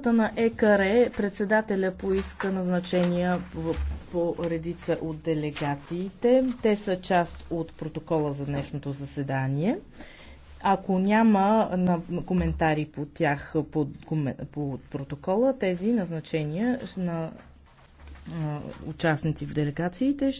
групата на ЕКР председателя поиска назначения в, по редица от делегациите. Те са част от протокола за днешното заседание. Ако няма на коментари по тях по, по протокола, тези назначения на участници в делегациите ще